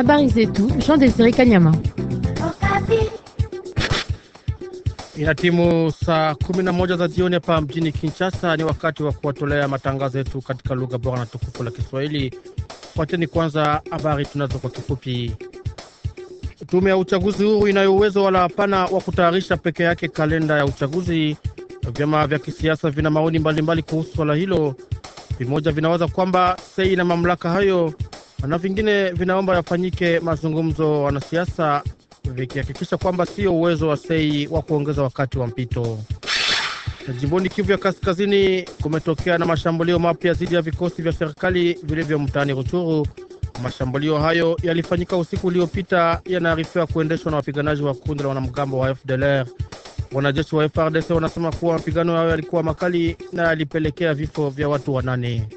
Habari zetu Jean Desire Kanyama. Ina timu saa kumi na moja za jioni hapa mjini Kinshasa. Ni wakati wa kuwatolea matangazo yetu katika lugha bora na tukufu la Kiswahili. Fuateni kwanza habari tunazo kwa kifupi. Tume ya uchaguzi huru inayo uwezo wala hapana wa kutayarisha peke yake kalenda ya uchaguzi. Vyama vya kisiasa vina maoni mbalimbali kuhusu swala hilo. Vimoja vinawaza kwamba sei na mamlaka hayo na vingine vinaomba yafanyike mazungumzo wanasiasa, vikihakikisha kwamba sio uwezo wa sei wa kuongeza wakati wa mpito. Jimboni Kivu ya Kaskazini kumetokea na mashambulio mapya dhidi ya vikosi vya serikali vilivyo mtaani Ruchuru. Mashambulio hayo yalifanyika usiku uliopita, yanaarifiwa kuendeshwa na wapiganaji wa kundi la wanamgambo wa FDLR. Wanajeshi wa FRDC wanasema kuwa mapigano hayo yalikuwa makali na yalipelekea vifo vya watu wanane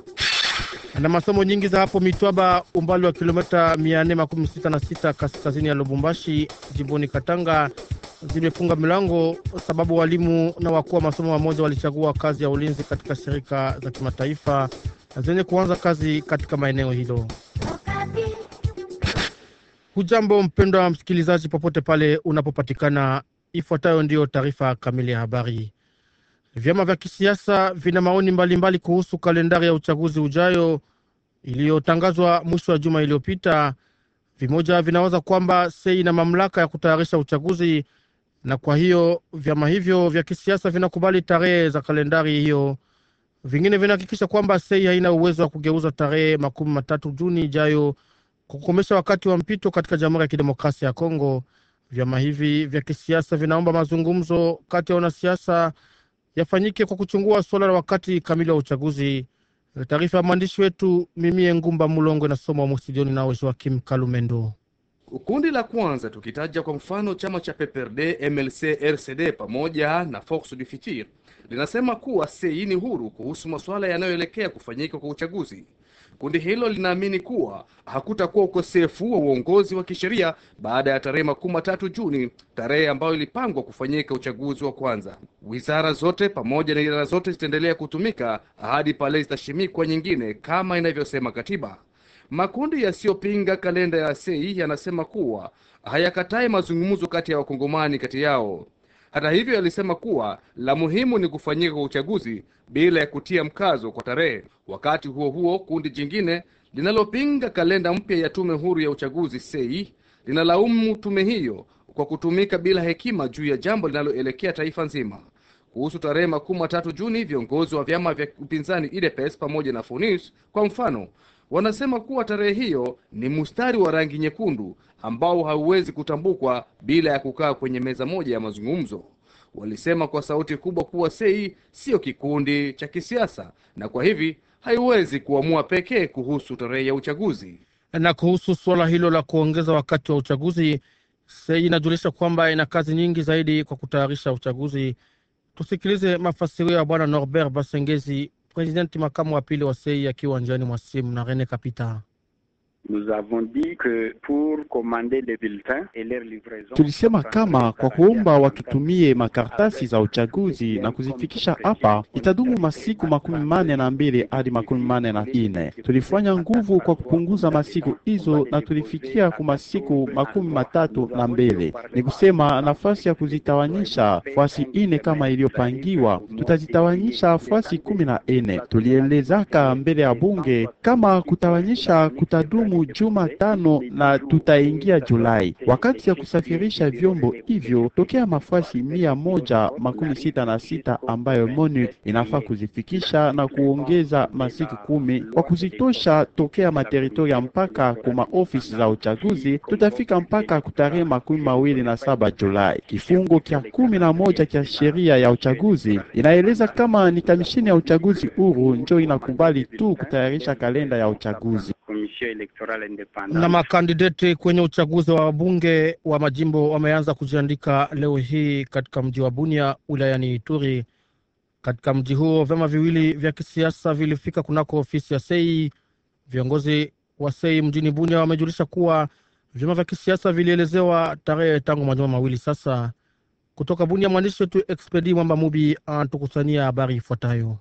na masomo nyingi za hapo Mitwaba, umbali wa kilomita 466 kaskazini ya Lubumbashi, jimboni Katanga, zimefunga milango sababu walimu na wakuu wa masomo wamoja walichagua kazi ya ulinzi katika shirika za kimataifa zenye kuanza kazi katika maeneo hilo. Hujambo mpendwa msikilizaji, popote pale unapopatikana, ifuatayo ndiyo taarifa kamili ya habari. Vyama vya kisiasa vina maoni mbalimbali kuhusu kalendari ya uchaguzi ujayo iliyotangazwa mwisho wa juma iliyopita. Vimoja vinawaza kwamba sei ina mamlaka ya kutayarisha uchaguzi, na kwa hiyo vyama hivyo vya kisiasa vinakubali tarehe za kalendari hiyo. Vingine vinahakikisha kwamba sei haina uwezo wa kugeuza tarehe makumi matatu Juni ijayo kukomesha wakati wa mpito katika Jamhuri ya Kidemokrasia ya Kongo. Vyama hivi vya kisiasa vinaomba mazungumzo kati ya wanasiasa yafanyike kwa kuchungua suala la wakati kamili wa uchaguzi. Taarifa ya mwandishi wetu Mimie Ngumba Mulongwe inasomwa mwa studioni nawe Joakim Kalumendo. Kundi la kwanza tukitaja kwa mfano chama cha PPRD, MLC, RCD pamoja na Fox du Fitir linasema kuwa CEI ni huru kuhusu masuala yanayoelekea kufanyika kwa uchaguzi. Kundi hilo linaamini kuwa hakutakuwa ukosefu wa uongozi wa kisheria baada ya tarehe makumi matatu Juni, tarehe ambayo ilipangwa kufanyika uchaguzi wa kwanza. Wizara zote pamoja na idara zote zitaendelea kutumika hadi pale zitashimikwa nyingine kama inavyosema katiba. Makundi yasiyopinga kalenda ya sei yanasema kuwa hayakatai mazungumzo kati ya wakongomani kati yao. Hata hivyo, yalisema kuwa la muhimu ni kufanyika kwa uchaguzi bila ya kutia mkazo kwa tarehe. Wakati huo huo, kundi jingine linalopinga kalenda mpya ya tume huru ya uchaguzi SEI linalaumu tume hiyo kwa kutumika bila hekima juu ya jambo linaloelekea taifa nzima. Kuhusu tarehe makumi matatu Juni, viongozi wa vyama vya upinzani UDPS pamoja na FUNIS kwa mfano Wanasema kuwa tarehe hiyo ni mstari wa rangi nyekundu ambao hauwezi kutambukwa bila ya kukaa kwenye meza moja ya mazungumzo. Walisema kwa sauti kubwa kuwa SEI siyo kikundi cha kisiasa na kwa hivi haiwezi kuamua pekee kuhusu tarehe ya uchaguzi. Na kuhusu suala hilo la kuongeza wakati wa uchaguzi, SEI inajulisha kwamba ina kazi nyingi zaidi kwa kutayarisha uchaguzi. Tusikilize mafasirio ya Bwana Norbert Basengezi, Presidenti makamu wa pili wa sei akiwa njiani mwa simu na Rene Kapita. Nous avons dit que pour Tulisema kama kwa kuomba watutumie makartasi za uchaguzi na kuzifikisha hapa itadumu masiku makumi mane na mbili hadi makumi mane na ine. Tulifanya nguvu kwa kupunguza masiku hizo na tulifikia ku masiku makumi matatu na mbili, ni kusema nafasi ya kuzitawanyisha fasi ine kama iliyopangiwa, tutazitawanyisha fasi kumi na ine. Tulielezaka mbele ya bunge kama kutawanyisha kutadumu juma tano na tuta itaingia Julai. Wakati ya kusafirisha vyombo hivyo tokea mafasi mia moja makumi sita na sita ambayo MONUC inafaa kuzifikisha na kuongeza masiku kumi kwa kuzitosha tokea materitoria mpaka kuma ofisi za uchaguzi, tutafika mpaka kutarehe makumi mawili na saba Julai. Kifungo kya kumi na moja kya sheria ya uchaguzi inaeleza kama ni kamishini ya uchaguzi huru njo inakubali tu kutayarisha kalenda ya uchaguzi na makandideti kwenye wenye uchaguzi wa wabunge wa majimbo wameanza kujiandika leo hii katika mji wa Bunia wilayani Ituri. Katika mji huo vyama viwili vya kisiasa vilifika kunako ofisi ya Sei. Viongozi wa Sei mjini Bunia wamejulisha kuwa vyama vya kisiasa vilielezewa tarehe tangu majuma mawili sasa. Kutoka Bunia, mwandishi wetu Expedi Mwamba Mubi anatukusania habari ifuatayo.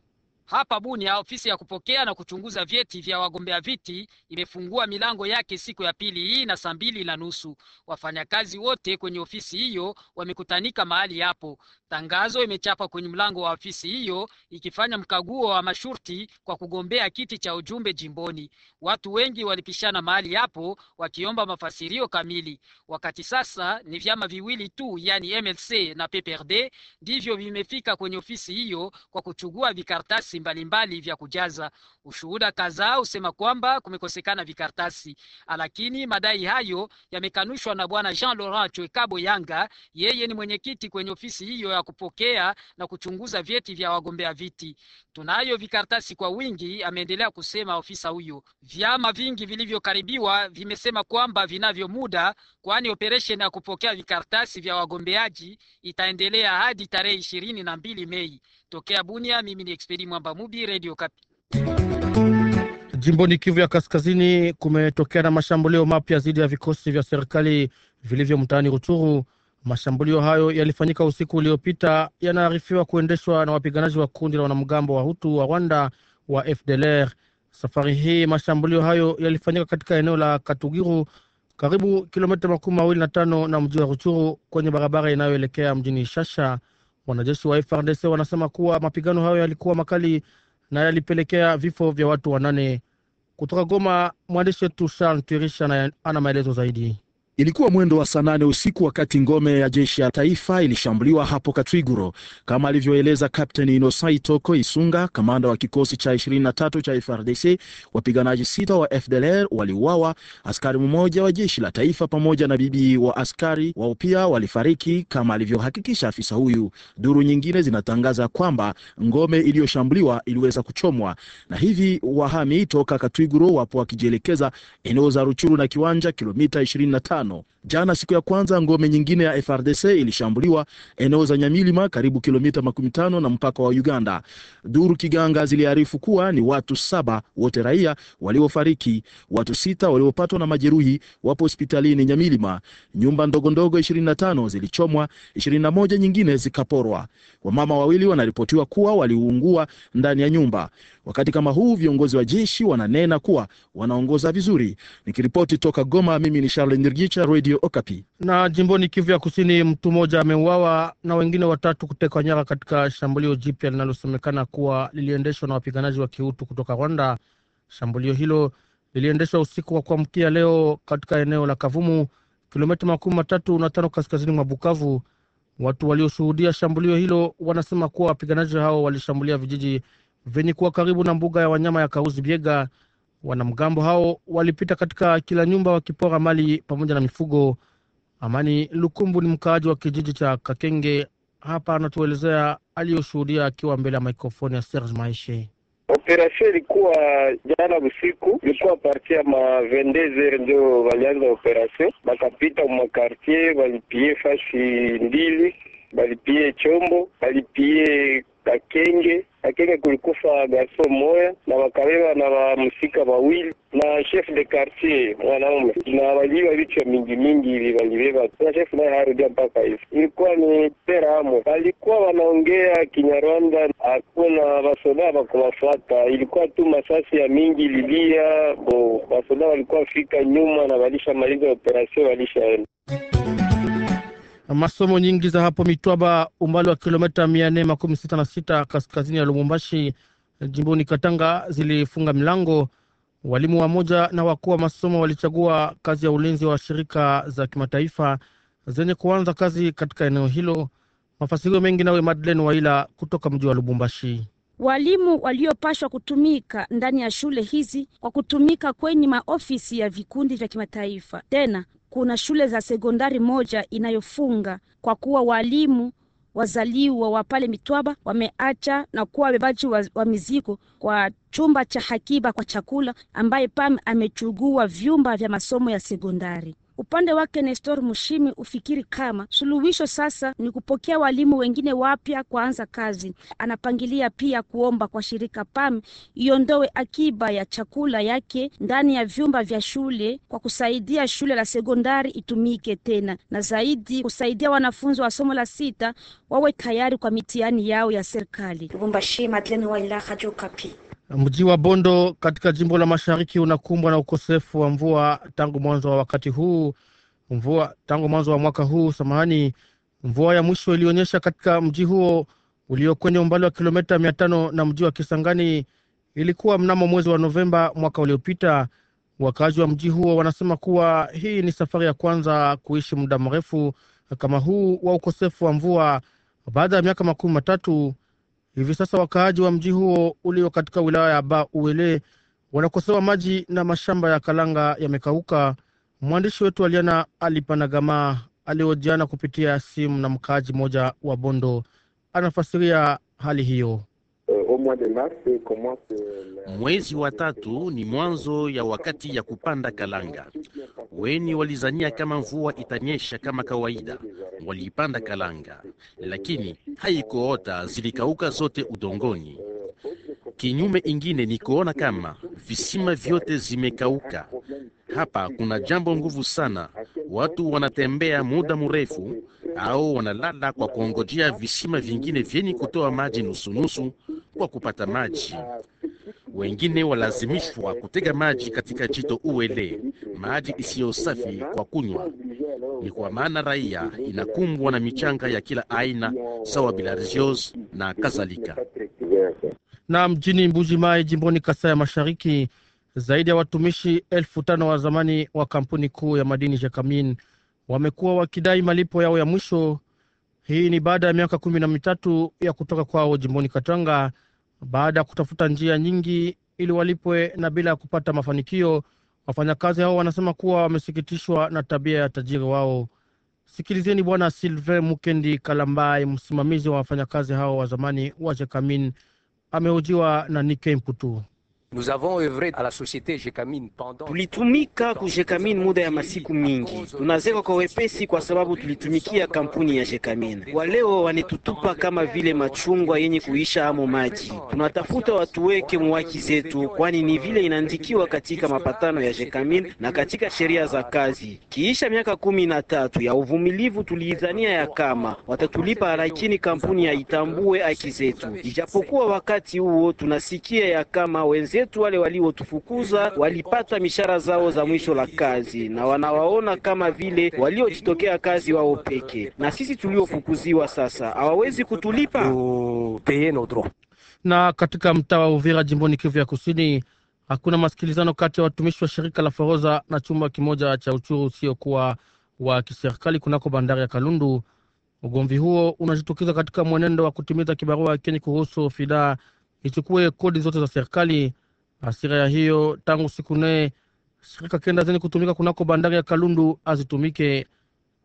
Hapa Bunia, ofisi ya kupokea na kuchunguza vyeti vya wagombea viti imefungua milango yake siku ya pili hii na saa mbili na nusu. Wafanyakazi wote kwenye ofisi hiyo wamekutanika mahali hapo. Tangazo imechapa kwenye mlango wa ofisi hiyo ikifanya mkaguo wa mashurti kwa kugombea kiti cha ujumbe jimboni. Watu wengi walipishana mahali hapo wakiomba mafasirio kamili. Wakati sasa ni vyama viwili tu, yani MLC na PPRD ndivyo vimefika kwenye ofisi hiyo kwa kuchugua vikartasi mbalimbali vya kujaza. Ushuhuda kadhaa husema kwamba kumekosekana vikartasi lakini madai hayo yamekanushwa na bwana Jean Laurent Chwekabo Yanga. Yeye ni mwenyekiti kwenye ofisi hiyo ya kupokea na kuchunguza vyeti vya wagombea viti. Tunayo vikartasi kwa wingi, ameendelea kusema ofisa huyo. Vyama vingi vilivyokaribiwa vimesema kwamba vinavyo muda, kwani operation ya kupokea vikartasi vya wagombeaji itaendelea hadi tarehe ishirini na mbili Mei. Tokea Bunia, mimi ni Expedi Mwamba Mubi, Radio Kapi. Jimboni Kivu ya Kaskazini kumetokea na mashambulio mapya dhidi ya vikosi vya serikali vilivyo mtaani Rutshuru. Mashambulio hayo yalifanyika usiku uliopita, yanaarifiwa kuendeshwa na wapiganaji wa kundi la wanamgambo wa Hutu wa Rwanda wa FDLR. Safari hii mashambulio hayo yalifanyika katika eneo la Katugiru, karibu kilomita makumi mawili na tano na mji wa Rutshuru, kwenye barabara inayoelekea mjini Shasha. Wanajeshi wa FRDC wanasema kuwa mapigano hayo yalikuwa makali na yalipelekea vifo vya watu wanane. Kutoka Goma, mwandishi wetu Charles Turisha ana maelezo zaidi. Ilikuwa mwendo wa saa nane usiku wakati ngome ya jeshi ya taifa ilishambuliwa hapo Katwiguro, kama alivyoeleza Kapteni Inosai Toko Isunga, kamanda wa kikosi cha 23 cha frdc Wapiganaji sita wa FDLR waliuawa, askari mmoja wa jeshi la taifa pamoja na bibi wa askari wao pia walifariki, kama alivyohakikisha afisa huyu. Duru nyingine zinatangaza kwamba ngome iliyoshambuliwa iliweza kuchomwa, na hivi wahami toka Katwiguro wapo wakijielekeza eneo za Ruchuru na Kiwanja, kilomita 25 no Jana siku ya kwanza, ngome nyingine ya FRDC ilishambuliwa eneo za Nyamilima, karibu kilomita makumi tano na mpaka wa Uganda. Duru kiganga ziliarifu kuwa ni watu saba, wote raia waliofariki. Watu sita waliopatwa na majeruhi wapo hospitalini Nyamilima. Nyumba ndogondogo 25 zilichomwa, 21 nyingine zikaporwa. Wamama wawili wanaripotiwa kuwa waliungua ndani ya nyumba. Wakati kama huu, viongozi wa jeshi wananena kuwa wanaongoza vizuri. Nikiripoti toka Goma, mimi ni Charles Ndirgicha, Radio Radio Okapi. Na jimboni Kivu ya Kusini, mtu mmoja ameuawa na wengine watatu kutekwa nyara katika shambulio jipya linalosemekana kuwa liliendeshwa na wapiganaji wa kiutu kutoka Rwanda. Shambulio hilo liliendeshwa usiku wa kuamkia leo katika eneo la Kavumu, kilomita makumi matatu na tano kaskazini mwa Bukavu. Watu walioshuhudia shambulio hilo wanasema kuwa wapiganaji hao walishambulia vijiji vyenye kuwa karibu na mbuga ya wanyama ya Kauzi Biega Wanamgambo hao walipita katika kila nyumba wakipora mali pamoja na mifugo. Amani Lukumbu ni mkaaji wa kijiji cha Kakenge. Hapa anatuelezea aliyoshuhudia akiwa mbele ya mikrofoni ya Serge Maishe. Operasio ilikuwa jana usiku, ilikuwa parti ya ma ndio walianza operasio, bakapita mumakartier, walipie fasi mbili, balipie chombo, balipie Kakenge akenge kulikufa garso moya na wakabeba na wamusika wawili na chef de quartier mwanaume na waliwa vichwa mingi mingi hivi walibeba na chef naye harudia mpaka hivi. Ilikuwa ni pera peramo, walikuwa wanaongea Kinyarwanda, hakuna wasoda wakuwafuata, ilikuwa tu masasi ya mingi lilia bo, wasoda walikuwa fika nyuma na walishamaliza operasio, walishaenda masomo nyingi za hapo Mitwaba, umbali wa kilomita mia nne makumi sita na sita kaskazini ya Lubumbashi, jimboni Katanga, zilifunga milango. Walimu wa moja na wakuu wa masomo walichagua kazi ya ulinzi wa shirika za kimataifa zenye kuanza kazi katika eneo hilo. Mafasirio mengi nawe Madeleine Waila kutoka mji wa Lubumbashi. Walimu waliopashwa kutumika ndani ya shule hizi kwa kutumika kwenye maofisi ya vikundi vya kimataifa, tena kuna shule za sekondari moja inayofunga kwa kuwa walimu wazaliwa wa pale Mitwaba wameacha na kuwa wabebaji wa, wa mizigo kwa chumba cha hakiba kwa chakula, ambaye PAM amechugua vyumba vya masomo ya sekondari. Upande wake Nestor Mushimi ufikiri kama suluhisho sasa ni kupokea walimu wengine wapya kuanza kazi. Anapangilia pia kuomba kwa shirika PAM iondoe akiba ya chakula yake ndani ya vyumba vya shule kwa kusaidia shule la sekondari itumike tena, na zaidi kusaidia wanafunzi wa somo la sita wawe tayari kwa mitihani yao ya serikali. Mji wa Bondo katika jimbo la mashariki unakumbwa na ukosefu wa mvua tangu mwanzo wa wakati huu mvua tangu mwanzo wa mwaka huu samahani. Mvua ya mwisho ilionyesha katika mji huo ulio kwenye umbali wa kilomita mia tano na mji wa Kisangani ilikuwa mnamo mwezi wa Novemba mwaka uliopita. Wakazi wa mji huo wanasema kuwa hii ni safari ya kwanza kuishi muda mrefu kama huu wa ukosefu wa mvua baada ya miaka makumi matatu. Hivi sasa wakaaji wa mji huo ulio katika wilaya ya Ba Uele wanakosewa maji na mashamba ya kalanga yamekauka. Mwandishi wetu Aliana Alipanagama aliojiana kupitia simu na mkaaji mmoja wa Bondo anafasiria hali hiyo. Mwezi wa tatu ni mwanzo ya wakati ya kupanda kalanga. Weni walizania kama mvua itanyesha kama kawaida, walipanda kalanga, lakini haikuota, zilikauka zote udongoni. Kinyume ingine ni kuona kama visima vyote zimekauka. Hapa kuna jambo nguvu sana. Watu wanatembea muda mrefu au wanalala kwa kuongojea visima vingine vyenye kutoa maji nusunusu kwa kupata maji. Wengine walazimishwa kutega maji katika jito Uele, maji isiyo safi kwa kunywa. Ni kwa maana raia inakumbwa na michanga ya kila aina sawa bilharzios na kadhalika. Na mjini Mbuji Mai jimboni Kasai ya Mashariki, zaidi ya watumishi elfu tano wa zamani wa kampuni kuu ya madini Jakamin wamekuwa wakidai malipo yao ya mwisho. Hii ni baada ya miaka kumi na mitatu ya kutoka kwao jimboni Katanga, baada ya kutafuta njia nyingi ili walipwe na bila ya kupata mafanikio Wafanyakazi hao wanasema kuwa wamesikitishwa na tabia ya tajiri wao. Sikilizeni Bwana Silve Mukendi Kalambai, msimamizi wa wafanyakazi hao wa zamani wa Jekamin, amehojiwa na Nike Mputu. Nous avons œuvré à la société Jekamine pendant... Tulitumika Jekamine muda ya masiku mingi, tunazeka kwa wepesi kwa sababu tulitumikia kampuni ya Jekamine. Waleo wanitutupa kama vile machungwa yenye kuisha amo maji. Tunatafuta watuweke mwaki zetu, kwani ni vile inaandikiwa katika mapatano ya Jekamine na katika sheria za kazi. Kiisha miaka kumi na tatu ya uvumilivu, tuliidhania ya kama watatulipa, lakini kampuni haitambue haki zetu, ijapokuwa wakati huo tunasikia ya kama wenzetu wenzetu wale waliotufukuza walipata mishara zao za mwisho la kazi, na wanawaona kama vile waliojitokea kazi wao peke, na sisi tuliofukuziwa sasa hawawezi kutulipa na katika mtaa wa Uvira jimboni Kivu ya Kusini hakuna masikilizano kati ya watumishi wa shirika la Foroza na chumba kimoja cha uchuru usiokuwa wa kiserikali kunako bandari ya Kalundu. Ugomvi huo unajitokeza katika mwenendo wa kutimiza kibarua kenye kuhusu fidaa ichukue kodi zote za serikali. Asira ya hiyo tangu siku nne shirika kenda zenye kutumika kunako bandari ya Kalundu azitumike.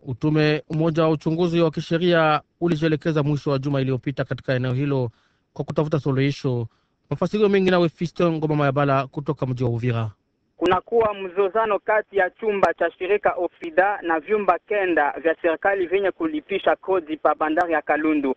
Utume mmoja wa uchunguzi wa kisheria ulijielekeza mwisho wa juma iliyopita katika eneo hilo kwa kutafuta suluhisho. Mafasirio mengi nawe Fisto Ngoma Mayabala kutoka mji wa Uvira. Kunakuwa mzozano kati ya chumba cha shirika Ofida na vyumba kenda vya serikali vyenye kulipisha kodi pa bandari ya Kalundu.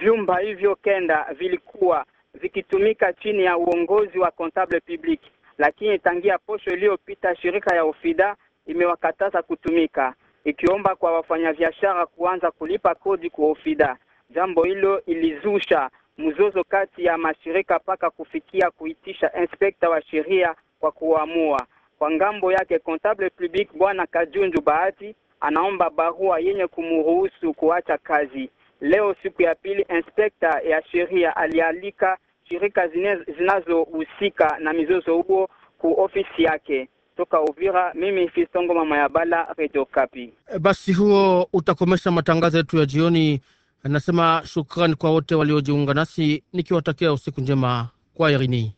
Vyumba hivyo kenda vilikuwa zikitumika chini ya uongozi wa kontable public, lakini tangia posho iliyopita shirika ya Ofida imewakataza kutumika, ikiomba kwa wafanyabiashara kuanza kulipa kodi kwa Ofida. Jambo hilo ilizusha mzozo kati ya mashirika mpaka kufikia kuitisha inspekta wa sheria kwa kuamua. Kwa ngambo yake kontable public bwana Kajunju Bahati anaomba barua yenye kumruhusu kuacha kazi. Leo siku ya pili, inspekta ya sheria alialika shirika zinazohusika na mizozo huo ku ofisi yake. Toka Uvira, mimi Fistongo mama ya Bala, Redio Kapi. Eh, basi huo utakomesha matangazo yetu ya jioni. Nasema shukrani kwa wote waliojiunga nasi nikiwatakia usiku njema kwa Irini.